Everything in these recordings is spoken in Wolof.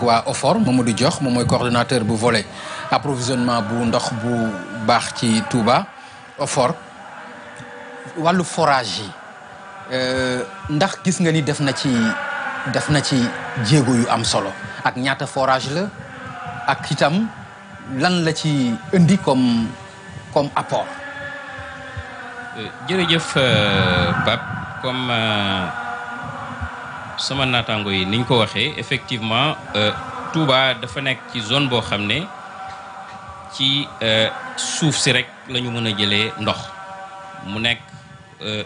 ak waa OFOR Mamadou jox moom mooy coordonnateur bu volet approvisionnement bu ndox bu baax ci Touba OFOR wàllu forage yi euh, ndax gis nga ni def na ci def na ci jéego yu am solo ak ñaata forage la ak itam lan la ci indi comme comme apport. Euh, jërëjëf euh, Pape comme. sama naataango yi niñ ko waxee effectivement euh, Touba dafa nekk ci zone boo xam ne ci euh, suuf si rek la ñu mën a jëlee ndox mu nekk euh,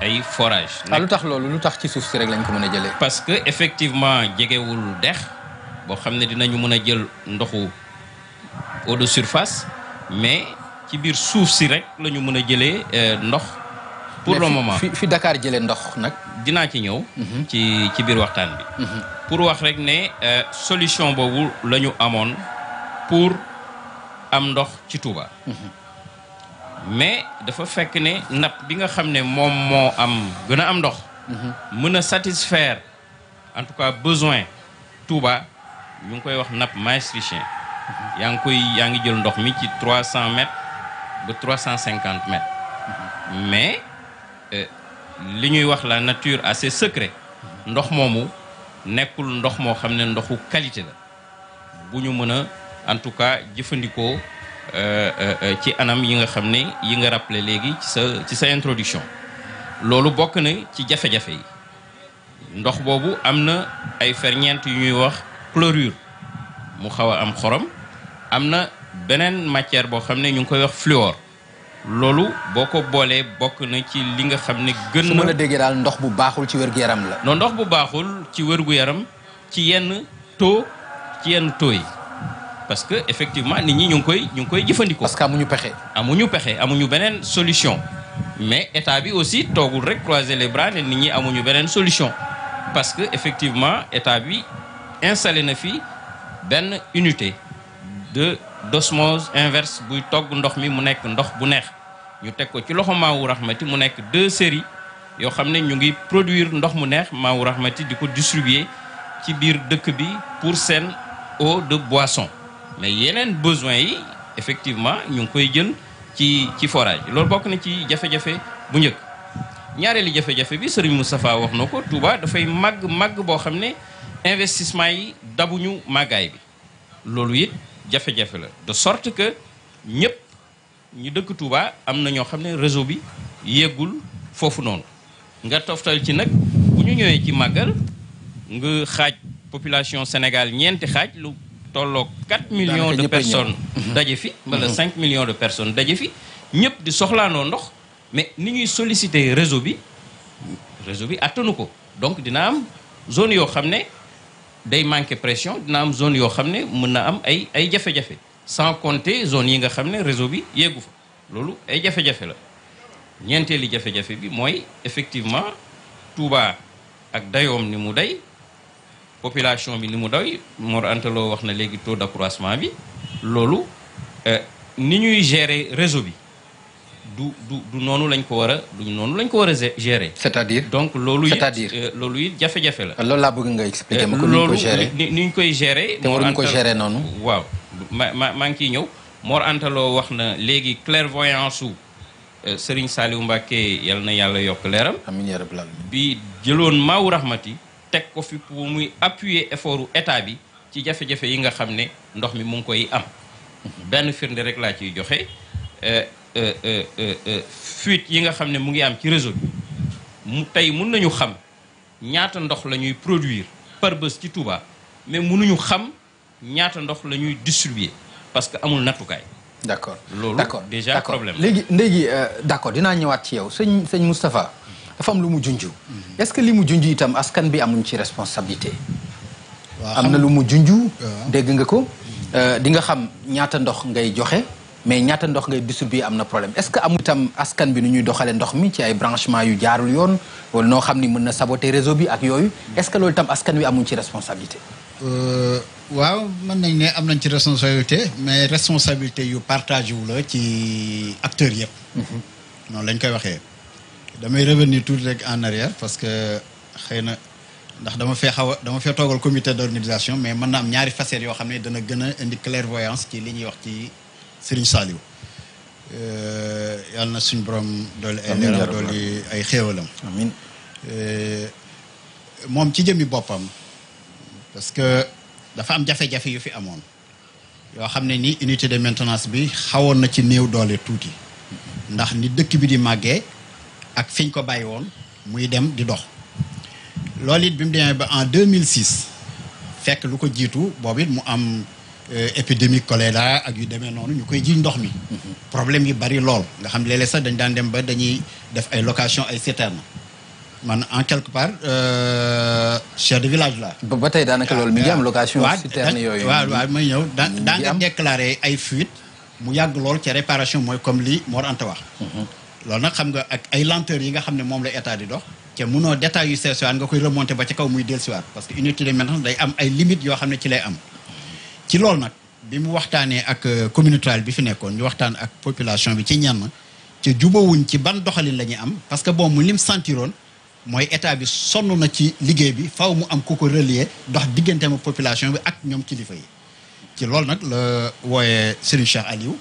ay forage ah, lu tax loolu lu tax ci suuf si rek lañ ko mën a jëlee. parce que effectivement jegewul dex boo xam ne dinañu mën a jël ndoxu eau de surface mais ci biir suuf si rek la ñu mën a jëlee ndox. pour le moment fi fi Dakar jëlee ndox nag. dinaa ci ñëw. Mhm. ci ci biir waxtaan bi. Mhm. pour wax rek ne euh, solution boobu la ñu amoon pour am ndox ci Touba. Mhm. mais dafa fekk ne napp bi nga xam ne moom moo am gën a am ndox. mën a satisfaire en tout cas besoin Touba ñu ngi koy wax napp maastrichtien. yaa ngi koy yaa ngi jël ndox mi ci trois cent mètres ba trois cent cinquante mais Euh, li ñuy wax la nature a ses secrets ndox moomu nekkul ndox moo xam ne ndoxu qualité la bu ñu mën a en tout cas jëfandikoo euh, euh, ci anam yi nga xam ne yi nga rappelé léegi ci sa ci sa introduction loolu bokk na ci jafe-jafe yi ndox boobu am na ay ferñeent yu ñuy wax chlorure mu xaw a am xorom am na beneen matière boo xam ne ñu ngi koy wax fluor loolu boo ko boolee bokk na ci li nga xam ne gën na su ma la déggee daal ndox bu baaxul ci wérgu yaram la noo ndox bu baaxul ci wérgu yaram ci yenn taux ci yenn taux yi parce que effectivement nit ñi ñu ngi koy ñu ngi koy jëfandikoo parce que amuñu pexe amuñu pexe amuñu beneen solution mais état bi aussi toogul rek croiser les bras nit ñi amuñu beneen solution parce que effectivement état bi installé na fi benn unité de d'osmose inverse buy togg ndox mi mu nekk ndox bu neex ñu teg ko ci loxo maawu raxmati mu nekk deux séries yoo xam ne ñu ngi produire ndox mu neex maawu raxmati di ko distribuer ci biir dëkk bi pour seen eau de boisson mais yeneen besoins yi effectivement ñu ngi koy jën ci ci forage loolu bokk na ci jafe-jafe bu njëkk ñaareelu jafe-jafe bi Serigne Moustapha wax na ko Touba dafay màgg màgg boo xam ne investissement yi dabuñu màggaay bi loolu it jafe-jafe la de sorte que ñëpp ñu dëkk Touba am na ñoo xam ne réseau bi yeggul foofu noonu nga toftal ci nag bu ñu ñëwee ci màggal nga xaaj population Sénégal ñeenti xaaj lu tolloog 4 millions de personnes daje fi wala 5 mm-hmm. millions de personnes daje fi ñëpp di soxlaanoo ndox mais ni ñuy solliciter réseau bi réseau bi attanu ko donc dina am zone yoo xam ne day manqué pression dina am zone yoo xam ne mën na am ay ay jafe-jafe sans compter zone yi nga xam ne réseau bi yeegu fa loolu ay jafe-jafe la ñeenteeli jafe-jafe bi mooy effectivement Touba ak dayoom ni mu day population bi ni mu doy Mor Anta Lo wax na léegi taux d'accroissement bi loolu euh, ni ñuy gérer réseau bi du du du noonu lañ ko war a du noonu lañ ko war a gérer. c'est-à-dire donc loolu it cest à euh, jafe-jafe la. loolu laa bëgg nga expliquer ma ko ni ñu koy euh, gérer loolu ni ñu koy gérer. te waruñu ko gérer noonu. waaw ma ma maa ngi ciy ñëw Mor Anta wax na léegi clairvoyance su euh, Serigne Saliou Mbacké yal na yàlla yokk leeram. amiin yaa rabbal aalamiin. bi jëloon maawu rahmati teg ko fi pour muy appuyer effortu état bi ci jafe-jafe yi nga xam ne ndox mi mu ngi koy am benn firnde rek laa ciy joxe. Euh, euh, euh, fuite yi nga xam ne mu ngi am ci réseau bi mu tey mun nañu xam ñaata ndox la ñuy produire par bés ci Touba mais mënuñu xam ñaata ndox la ñuy distribuer parce que amul nattukaay. d' accord loolu déjà problème léegi léegi d' accord dinaa ñëwaat ci yow sëñ sëñ Moustapha dafa lu mu junj. Mhm. est ce que li mu junj itam askan bi amuñ ci responsabilité. am na lu mu junju dégg nga ko mhm. di nga xam ñaata ndox ngay joxe. mais ñaata ndox ngay distribuer am na problème est-ce que amu itam askan bi nu ñuy doxalee ndox mi ci ay branchement yu jaarul yoon wala noo xam ni mën na sabote réseau bi ak yooyu est-ce que loolu itam askan wi amuñ ci responsabilité euh, waaw mën nañ ne am nañ ci responsabilité mais responsabilité yu partagé wu la ci acteurs yëpp mhm. noonu lañ koy waxee damay revenir tout rek en arrière parce que xëy na ndax dama fee xaw a dama fee toogal comité d'organisation mais mën na am ñaari facettes yoo xam ne dana gën a indi clairvoyance ci li ñuy wax ci Serigne Saliou euh, yàlla na suñu borom doole ay leeram doole ay xéewalam euh, moom ci jëmmi boppam parce que dafa am jafe-jafe yu fi amoon yoo xam ne ni unité de maintenance bi xawoon na ci néew doole tuuti ndax ni dëkk bi di màggee ak fiñ ko bàyyi woon muy dem di dox loolu it bi mu demee ba en fekk lu ko jiitu boobu mu am Euh, épidémie choléra ak yu demee noonu ñu koy jiñ ndox mi problème yi bari lool nga xam léeg-léeg sax dañ daan dem ba dañuy def ay location ay citerne man en quelque part euh, chef de village la ba tey daanaka loolu mi ngi am ah, location citerne yooyu waaw waaw may ñëw daa daa nga déclaré ay fuite mu yàgg lool ci réparation mooy comme li Mor Anta wax mhm. loolu nag xam nga ak ay lenteur yi nga xam ne moom la état di dox te munoo détails yu sew nga koy remonté ba ci que inutile maintenant ay limites yoo xam ne ci lay am ci loolu nag bi mu waxtaanee ak euh, communautaire bi fi nekkoon ñu waxtaan ak population bi ci ñenn ci jubawuñ ci ban doxalin la ñuy am parce que bon mu lim sentiroon mooy état bi sonn na ci liggéey bi faw mu am ku ko relier ndox diggante ma population bi ak ñoom kilifa yi ci loolu nag la wooyee Serigne Cheikh Aliou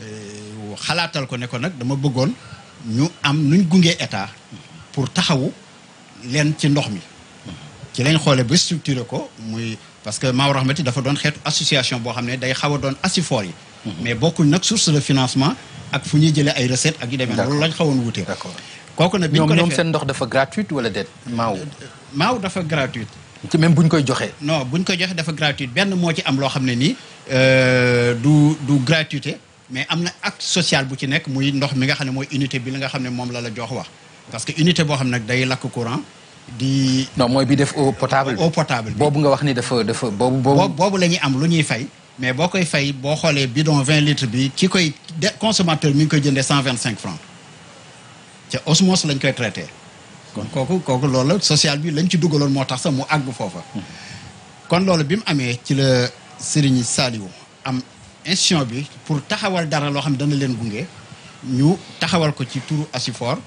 euh, xalaatal ko ne ko nag dama bëggoon ñu am nuñ gungee état pour taxawu leen ci ndox mi ci lañ xoole ba structuré ko muy parce que Maaw Rahmati dafa doon xeetu association boo xam ne day xaw a doon asifoor yi mhm. mais bokkul nag source de financement ak fu ñuy jëlee ay recettes ak yu demee loolu lañ xawoon wutee kooku nag bi ñu ko defee ñoom dafa gratuite wala déet Maaw Maaw dafa gratuite ci même buñ koy joxee non buñ koy joxee dafa gratuite benn moo ci am loo xam ne nii euh, du du gratuité mais am na acte social bu ci nekk muy ndox mi nga xam ne mooy unité bi la nga xam ne moom la la jox wax parce que unité boo xam ne nag day lakk courant di. non mooy bi def eau potable. eau potable boobu nga wax ni dafa dafa boobu. boobu boobu la ñuy am lu ñuy fay. mais boo koy fay boo xoolee bidon vingt litre bi ci koy consommateur mi ngi koy jëndee cent vingt cinq francs ca osmose lañ koy traité. kon kooku kooku loolu social bi lañ ci dugaloon moo tax sax mu àgg foofa. kon loolu bi mu amee ci la Serigne Saliou am institution bi pour taxawal dara loo xam ne dana leen gunge ñu taxawal ko ci tour Asifor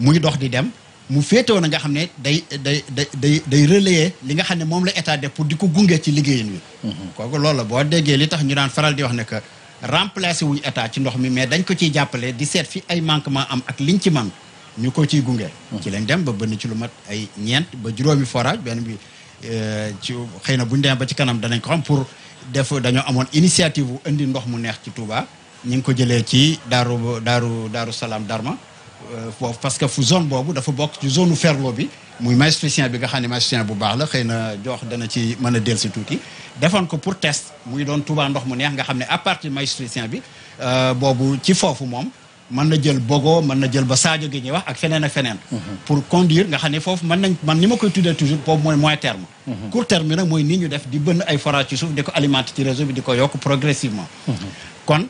muy dox di dem. mu féetewoo na nga xam ne day day day day day li nga xam ne moom la état def pour di ko gunge ci liggéeyin wi mhm. kooku loolu la boo déggee li tax ñu daan faral di wax ne que remplacer wuñ état ci ndox mi mais dañ ko ciy jàppale di seet fi ay manquement am ak liñ ci man ñu ko ciy gunge mhm. ci lañ dem ba bënn ci lu mat ay ñeent ba juróomi forage benn bi euh, ci xëy na buñ demee ba ci kanam danañ ko xam pour def dañoo amoon initiative bu indi ndox mu neex ci Touba ñu ngi ko jëlee ci daaru daaru daaru salaam Darma Euh, foofu parce que fu zone boobu dafa bokk ci zone ferlo bi muy maïsticien bi nga xam ne maïsticien bu baax la xëy na jox dana ci mën a del si tuuti defoon ko pour test muy doon Touba ndox mu neex nga xam ne à partir maïsticien bi euh, boobu ci foofu moom man na jël bogo man na jël ba Sadio gi ñuy wax ak feneen ak feneen mhm. pour conduire nga xam ne foofu mën nañ man ni ma koy tuddee toujours boobu mooy moyen terme mhm. court terme bi nag mooy nii ñu def di bënn ay forage ci suuf di ko alimenter ci bi di ko yokk progressivement mhm. kon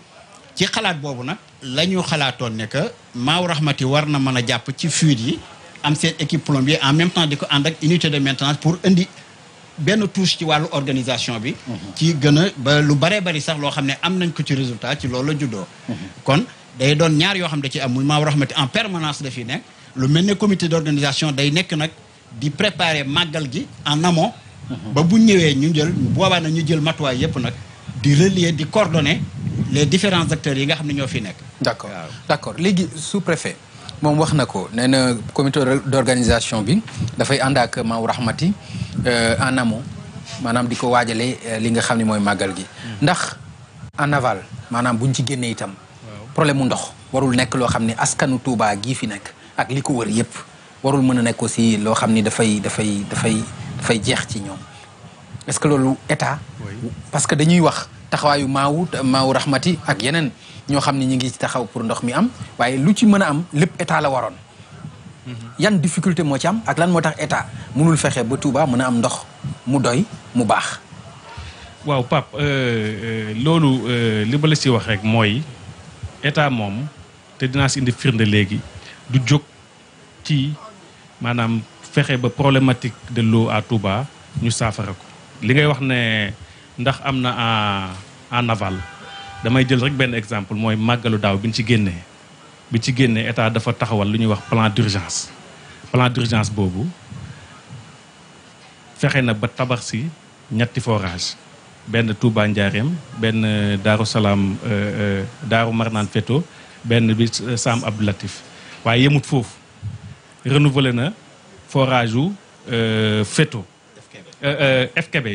ci xalaat boobu nag la ñu xalaatoon ne que Maaw Rahmati war na mën a jàpp ci fuite yi am seen équipe plombier en même temps di ko ànd ak unité de maintenance pour indi benn touche ci wàllu organisation bi. Mhm. ci gën a ba lu baree bari sax loo xam ne am nañ ko ci résultat ci loolu la juddoo. Mhm. kon day doon ñaar yoo xam ne da ci am muy Maaw Rahmati en permanence dafiy nekk lu mel ne comité d'organisation day nekk nag di préparer màggal gi en amont. Mhm. ba bu ñëwee ñu jël boobaa na ñu jël matuwaay yépp nag di relier di coordonner. les différents acteurs yi nga xam ne ñoo fi nekk. d' accord d' accord léegi sous préfet moom wax na ko nee na comité d' organisation bi dafay ànd ak Maou Rahmati euh, en amont maanaam di ko waajalee euh, li nga xam ne mooy màggal gi. Mm. ndax en aval maanaam buñ ci génnee itam. problème mu ndox warul nekk loo xam ne askanu Touba gi fi nekk ak li ko wër yëpp warul mën a nekk aussi loo xam ni dafay dafay dafay dafay jeex ci ñoom est que loolu état. parce que dañuy wax. taxawaayu maawu maawu rahmati ak yeneen ñoo xam ne ñi ngi taxaw pour ndox mi am waaye lu ci mën a am lépp état la waroon yan difficulté moo ci am ak lan moo tax état mënul fexe ba Touba mën a am ndox mu doy mu baax waaw Pape euh, euh, loolu euh, li ma la si wax rek mooy état moom te dinaa si indi firnde léegi du jóg ci maanaam fexe ba problématique de l'eau à Touba ñu saafara ko li ngay wax ne ndax am na en naval damay jël rek benn exemple mooy màggalu daaw bi ñu ci génnee bi ci génnee état dafa taxawal lu ñuy wax plan d'urgence plan d'urgence boobu fexe na ba tabax si ñetti forage benn Touba Ndiarème benn euh, Daaru Salaam euh, euh, Daaru Marnaan Feto benn bi Sam Abdou Latif waaye yemut foofu renouvelé na forage u Feto FKB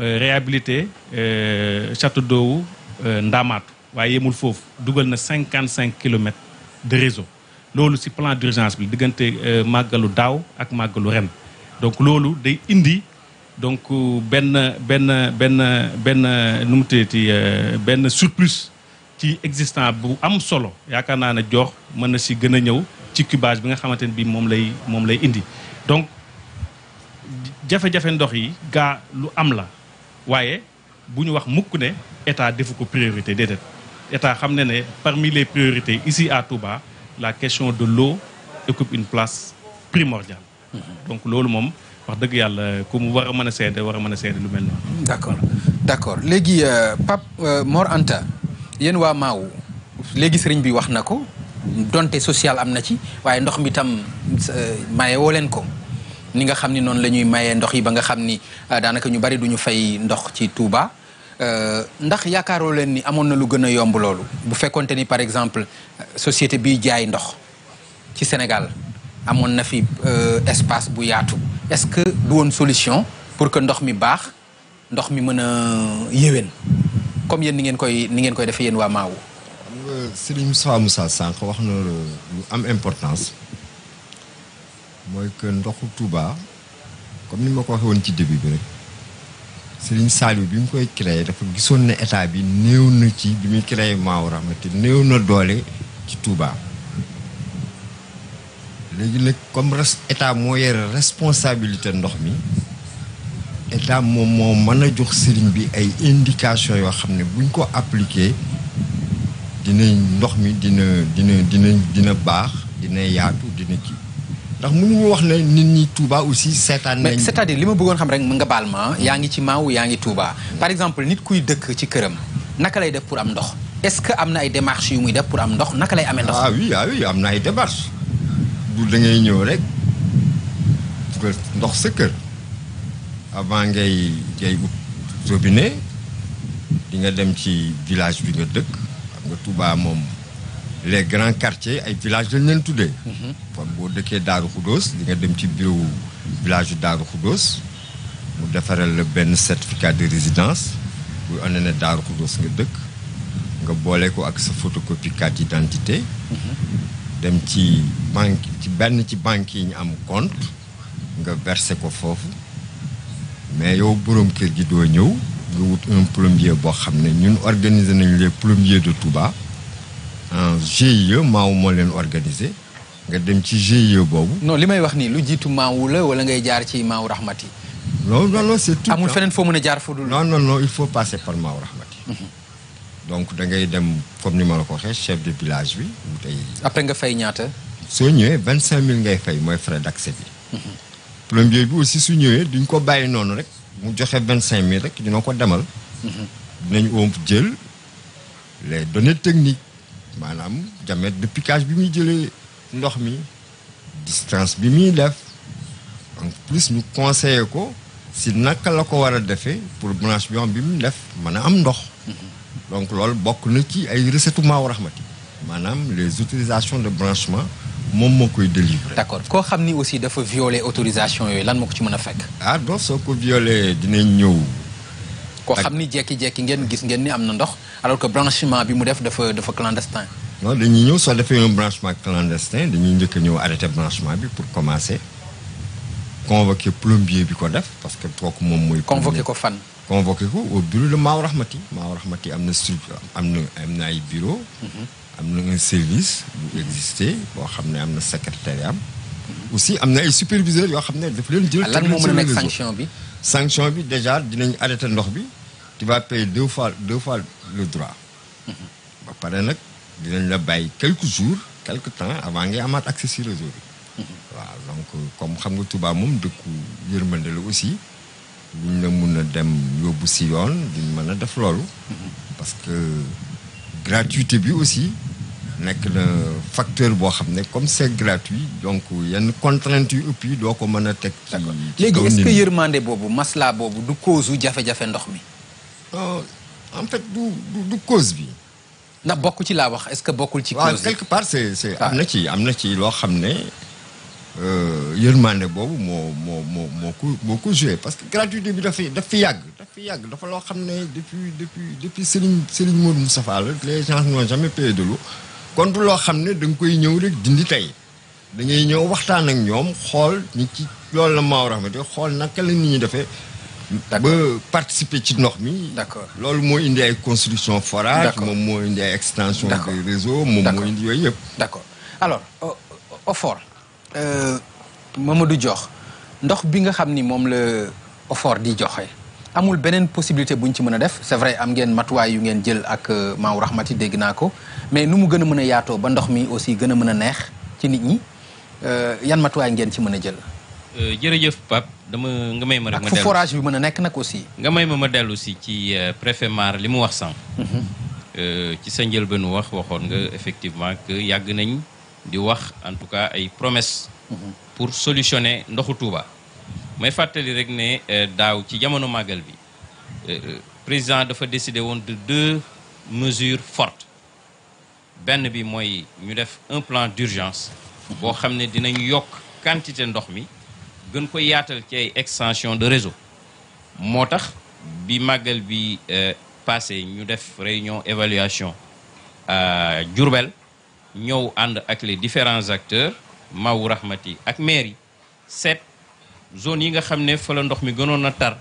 Euh, réhabilité euh, château d'eau Ndamaatu waaye yemul foofu dugal na cinquante cinq kilomètres de réseau loolu ci plan d'urgence bi diggante euh, màggalu daaw ak màggalu ren donc loolu day indi donc benn benn benn benn nu mu teeti benn surplus ci existant bu am solo yaakaar naa ne jox mën na si gën a ñëw ci cubage bi nga xamante ne bii moom lay moom lay indi donc jafe-jafe ndox yi gaa lu am la waaye bu ñu wax mukk ne état defu ko priorité déedéet état xam ne ne parmi les priorités ici à Touba la question de l'eau occupe une place primordiale mhm. donc loolu moom wax dëgg yàlla ku mu war a mën a seede war a mën a seede lu mel noonu. d' accord d' accord léegi euh, Pape euh, Mor Anta yéen waa Maawu léegi sëriñ bi wax na ko donte social am na ci waaye ndox mi tam euh, maye woo leen ko. ni nga xam ni noonu la ñuy mayee ndox yi ba nga xam ni euh, daanaka ñu bari duñu fay ndox ci Touba euh, ndax yaakaaroo leen ni amoon na lu gën a yomb loolu bu fekkonte ni par exemple société bi jaay ndox ci Sénégal amoon na fi euh, espace bu yaatu est-ce que du woon solution pour que ndox mi baax ndox mi mën a yéwén comme yéen ni ngeen koy ni ngeen koy defee yéen waa Maawu. Serigne Moussa Moussa sànq wax na lu am importance. mooy que ndoxu Touba comme ni ma ko waxee ci début bi rek Serigne Saliou bi mu koy créé dafa gisoon ne état bi néew na ci bi muy créé Maou Rahmati néew na doole ci Touba. léegi nag comme res état moo yore responsabilité ndox mi état moom moo mën a jox sëriñ bi ay indication yoo xam ne buñ ko appliqué dinañ ndox mi dina dina dina dina baax dina yaatu dina ci ndax mu mënuñu wax ne nit ñi Touba aussi seetaan nañ. mais c'est-à-dire li ma bëggoon xam rek nga baal ma yaa ngi ci maaw yaa ngi Touba par exemple nit kuy dëkk ci këram naka lay def pour am ndox est-ce que am na ay démarches yu muy def pour am ndox naka lay amee ndox. ah oui ah oui am na ay démarches du da ñëw rek ndox sa kër avant ngay ngay ut robinet di nga dem ci village bi nga dëkk xam nga Touba moom. les grands quartiers ay villages lañ leen tuddee. Mhm. kon boo dëkkee Daaru Xudóos di nga dem ci bureau village Daaru Xudóos mu defaral la benn certificat de résidence buy wane ne Daaru Xudóos nga dëkk nga boole ko ak sa photocopie carte d'identité. Mhm. dem ci banque ci benn ci banque yi ñu am compte nga versé ko foofu mais yow boroom kër gi doo ñëw nga wut plombier boo xam ne ñun organiser nañu les plombiers de Touba. Euh, GIE maaw moo leen organisé nga dem ci GIE boobu. non li may wax nii lu jiitu maawu la wala ngay jaar ci maawu rahmati. non non non c'est feneen foo mën a jaar fudul. non non non il faut passer par maawu rahmati. Mhm. donc da ngay dem comme ni ma la ko waxee chef de village bi tey. après nga fay ñaata. soo ñëwee vingt cinq mille ngay fay mooy frais d'accès bi. Mhm. plombier bi aussi su ñëwee duñ ko bàyyi noonu rek mu joxe vingt cinq mille rek dina ko demal. Mhm. dinañ omp jël les données technique maanaam diamètre de piquage bi muy jëlee ndox mi distance bi muy def en plus ñu conseillé ko si naka la ko war a defee pour branchement bi mu def mën a am ndox donc loolu bokk na ci ay war Maawu Rahmati maanaam les autorisations de branchement moom moo koy délivrer. d'accord koo xam ni aussi dafa violer autorisation yooyu lan moo ko ci mën a fekk. ah donc soo ko violer dinañ ñëw. koo xam ni jekki-jekki ngeen gis ngeen ni am na ndox alors que branchement bi mu def dafa dafa clandestin non dañuy ñëw soo defee un branchement clandestin dañuy njëkk a ñëw arrêté branchement bi pour commencer convoqué plombier bi ko def parce que kooku moom mooy convoqué ko fan convoqué ko au bureau de Maaw Rahmati Maaw Rahmati am na structure am na am na ay bureau mhm. am na un service bu existé boo xam ne am na secrétariat am aussi am na ay superviseurs yoo xam ne daf leen jël lan moo mën a nekk sanction bi sanction bi déjà dinañ arrêté ndox bi tu vas payer deux fois deux fois le droit mm-hmm. ba pare nag dinañ la bàyyi quelques jours quelque temps avant ngay amaat accès si réseau bi mm-hmm. donc comme xam nga tubaab moom dëkku yërmande la aussi duñ la mun a dem yóbbu si yoon duñ mën a def loolu mm-hmm. parce que gratuité bi aussi nekk na facteur boo xam ne comme c' est gratuit donc yenn contraintes yu ëpp yi doo ko mën a teg. d' accord léegi est ce que yërmande boobu maslaa boobu du cause u jafe-jafe ndox mi. Oh, en fait du du cause bi. ndax bokk ci laa wax est ce que bokkul ci. cause bi quelque part c' est c' est am ah. na ci am na ci loo xam ne euh, yërmande boobu moo moo moo moo ko moo ko joué parce que gratuité bi daf fi daf fi yàgg. dafa yàgg dafa loo xam ne depuis depuis depuis Serigne Serigne Modou Moustapha la les gens n'ont jamais payé de l'eau kon loo xam ne da koy ñëw rek dindi tey da ñëw waxtaan ak ñoom xool ni ci loolu la maaw raxmati xool naka la nit ñi defee ba participer ci ndox mi d'accord loolu moo indi ay construction forage moom moo indi ay extension des réseaux moom moo indi yooyu yëpp d'accord alors OFOR euh, Mamadou jox ndox bi nga xam ni moom la OFOR di joxe amul beneen possibilité bu ñu ci mën a def c'est vrai am ngeen matuwaay yu ngeen jël ak euh, maaw rahmati dégg naa ko mais nu mu gën a mën a yaatoo ba ndox mi aussi gën a mën a neex ci nit ñi euh, yan matuwaay ngeen ci mën a jël. Euh, jërëjëf Pape dama nga may ma rek. forage bi mën a nekk nag aussi. nga may ma ma dellu si ci préfet Mar li mu wax sànq. Mhm. ci sa njëlbeenu wax waxoon nga effectivement que yàgg nañ di wax en tout cas ay promesses. Mhm. pour solutionner ndoxu Touba. may fàttali rek ne euh, daaw ci jamono màggal bi euh, euh, président dafa décidé woon de deux mesures fortes benn bi mooy ñu def un plan d'urgence boo xam ne dinañ yokk quantité ndox mi gën ko yaatal ci ay extension de réseau moo tax bi màggal bi passé ñu def réunion évaluation à Diourbel ñëw ànd ak les différents acteurs Maou Rahmati ak maire yi seet zone yi nga xam ne fa ndox mi gënoon a tar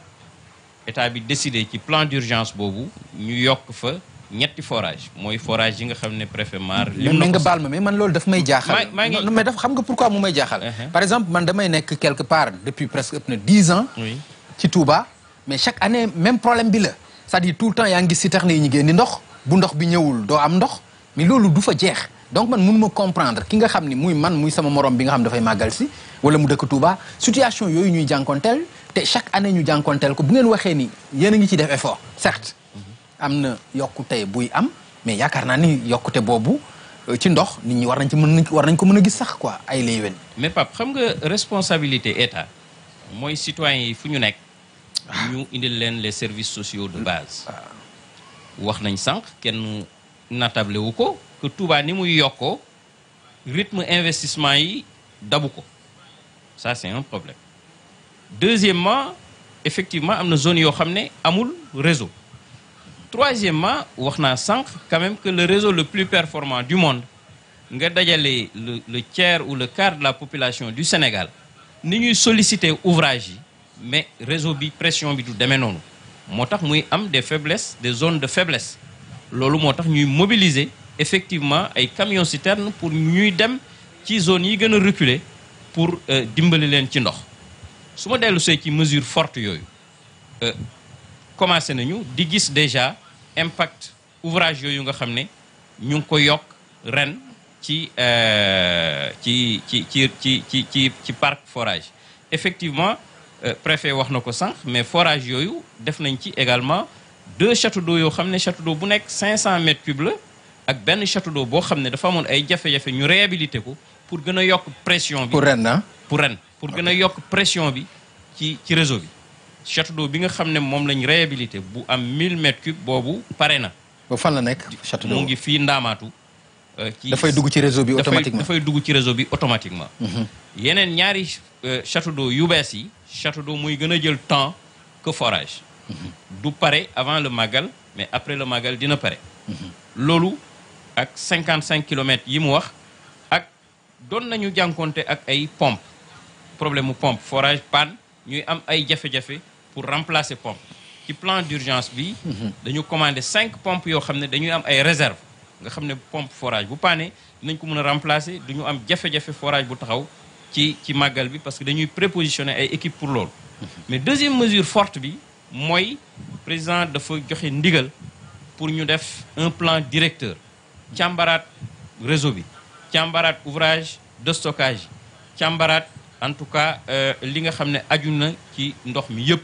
état bi décidé ci plan d'urgence boobu ñu yokk fa ñetti forage mooy forage yi nga xam ne préfet Mar. lim na nga baal ma mais man loolu daf may jaaxal. maa ngi mais daf xam nga pourquoi mu may jaaxal. Uh-huh. par exemple man damay nekk quelque part depuis presque ëpp na dix ans. ci Touba mais chaque année même problème bi la. cest à tout le temps yaa ngi gis citerne yi ñu génn ndox bu ndox bi ñëwul doo am ndox mi loolu du jeex. donc man mënuma comprendre ki nga xam ni muy man muy sama morom bi nga xam dafay màggal si wala mu dëkk Touba situation yooyu ñuy jànkonteel te chaque année ñu jànkonteel ko bu ngeen waxee yéen a ngi ci def effort mhm. am na yokkute buy am mais yaakaar naa ni yokkute boobu euh, ci ndox nit ñi war nañ ci mën nañ war nañ ko mën a gis sax ko ay lay wen mais Pape xam nga responsabilité état mooy citoyen yi fu ñu nekk ah. ñu indil leen les services sociaux de mm. base ah. wax nañ sànq kenn natable wu ko que Touba ni muy yokkoo rythme investissement yi dabu ko ça c'est un problème deuxièmement effectivement am na zone yoo xam ne amul réseau troisièmement wax naa sànq quand même le réseau le plus performant du monde nga dajale le le tiers ou le quart de la population du Sénégal ni ñuy solliciter ouvrage yi mais réseau bi pression bi du demee noonu moo tax muy am des faiblesses des zones de faiblesse loolu moo tax ñuy mobiliser effectivement ay camions citernes pour ñuy dem ci zone yi gën a reculer pour euh, dimbali leen ci ndox su ma dellu see ci mesure forte yooyu euh, commencé nañu di gis déjà impact ouvrage yooyu nga xam ne ñu ngi ko yokk ren ci euh, ci ci ci ci ci ci ci parc forage effectivement préfet wax na ko sànq mais forage yooyu def nañ ci également deux châteaux d'eau yoo xam ne château d'eau bu nekk 500 mètres cubes la ak benn château d'eau boo xam ne dafa moon ay jafe-jafe ñu réhabilité ko pour gën a yokk pression bi. ren ah. pour ren pour gën a yokk pression bi ci ci réseau bi. château d'eau bi nga xam ne moom lañu réhabilité bu am 1000 mètres cubes boobu pare na. ba fan la nekk château d'eau mu fii ndaamaatu. Euh, ci dafay dugg ci réseau bi automatiquement dafay dugg ci réseau bi automatiquement. Mhm. yeneen ñaari euh, château d'eau yu bees yi. château d'eau muy gën a jël temps que forage. Mhm. du pare avant le magal mais après le magal dina pare. Mhm. loolu. ak 55 kilomètres yi mu wax ak doon nañu jànkonte ak ay pompe problème mu pompe forage panne ñuy am ay jafe-jafe pour remplacer pompe ci plan d'urgence bi mhm. dañu commandé cinq pompes yoo xam ne dañuy am ay réserve nga xam ne pompe forage bu paane dinañ ko mën a remplacer du ñu am jafe-jafe forage bu taxaw ci ci màggal bi parce que dañuy prépositionner ay équipe pour loolu mhm. mais deuxième mesure forte bi mooy président dafa joxe ndigal pour ñu def un plan directeur càmbaraat réseau bi càmbaraat ouvrage de stockage càmbaraat en tout cas euh, li nga xam ne aju na ci ndox mi yëpp